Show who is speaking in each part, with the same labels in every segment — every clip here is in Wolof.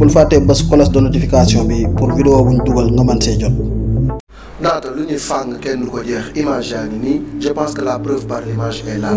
Speaker 1: bul fàttee bés cloche de notification bi pour vidéo buñ dugal nga man see jot.
Speaker 2: ndaata luñu fang kenn du ko jeex image yaa ni je pense que la preuve par l'image est là.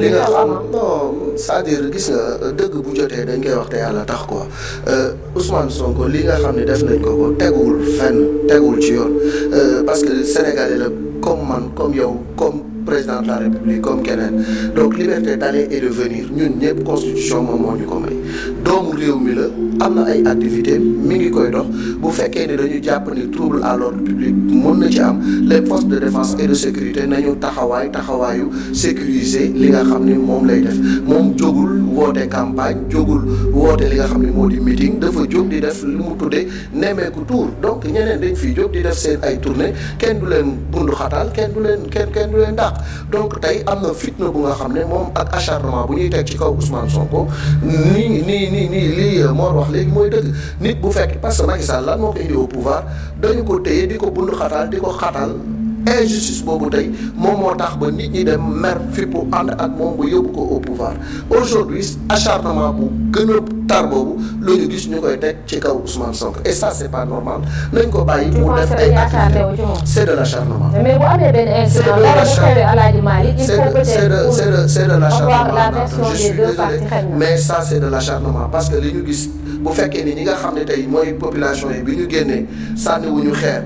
Speaker 2: li nga xam non c'est-à-dire gis nga euh, dëgg bu joté dañ koy wax té yalla tax quoi euh, Ousmane Sonko li nga xam ne def nañ ko ko tégul fenn teguwul ci yoon euh, parce que sénégalais la comme man comme yow comme président de la république comme keneen donc liberté d'aller et de venir ñun ñëpp constitution moom moo ñu ko may doomu réew mi la am na ay activité mi ngi koy dox bu fekkee ne dañu jàpp ni trouble à l'ordre public mën na ci am les postes de défense et de sécurité nañu taxawaay taxawaayu sécuriser li nga xam ni moom lay def moom jógul woote campagne jógul woote li nga xam ni moo di meeting dafa jóg di def lu mu tuddee nemmeeku tour donc ñeneen dañ fiy jóg di def seen ay tournée kenn du leen bundu xataal kenn du leen kenn kenn du leen dàq donc tey am na fitna bu nga xam ne moom ak acharnement bu ñuy teg ci kaw Ousmane Sonko nii nii nii nii lii euh, Mor wax léegi mooy dëgg nit bu fekk parce que Macky Sall lan moo ko indi au pouvoir dañu ko téye di ko bund xataal di ko xataal injustice bobu tay mom moo tax ba nit ñi dem mer fippu and ak mom bu yóbbu ko au pouvoir aujourd'hui acharnement bu gëna tar bobu lo ñu gis ñukoy tek ci kaw Ousmane Sonko et ça c'est pas normal nañ ko bàyyi mu def ay acharnement c'est de l'acharnement mais bu amé ben incident la xewee Alaaji Malick Mali c'est de c'est de c'est de l'acharnement je suis désolé mais ça c'est de l'acharnement parce que li ñu gis bu fekkee ni ñi nga xamné tay moy population yi bi ñu génnee wuñu xéer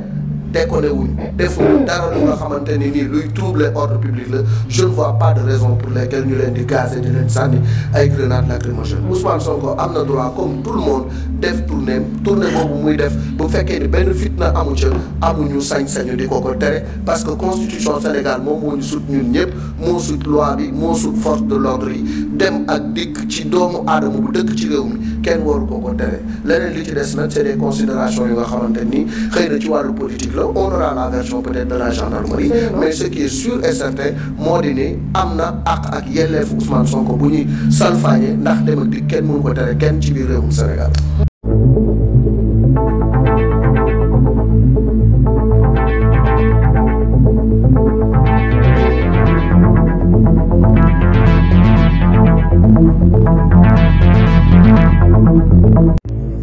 Speaker 2: déconné wuñ defuñu dara lu nga xamante ni nii luy troubler ordre public la je ne vois pas de raison pour lesquelles ñu leen di gazer di leen sànni ay grenades lacrymogènes soo ko am na droit comme tout le monde def tournée tournée boobu muy def bu fekkee ni benn fitna amu ca amuñu sañ-sañu di ko ko tere parce que constitution Sénégal moom moo ñu sut ñun ñëpp moo sut loi bi moo sut force de l'ordre yi dem ak dikk ci doomu aadama bu dëkk ci réew ken waru ko ko tere leneen li ci des nag c'est des considérations yu nga xamante ni xëy na ci wàllu politique la on aura la version peut-être de la gendarmerie mais ce qui est sûr et certain moo di ni am na àq ak yelleefu Ousmane Sonko bu ñuy salfaañe ndax dem ak di kenn mënu ko tere kenn ci biir réewum Sénégal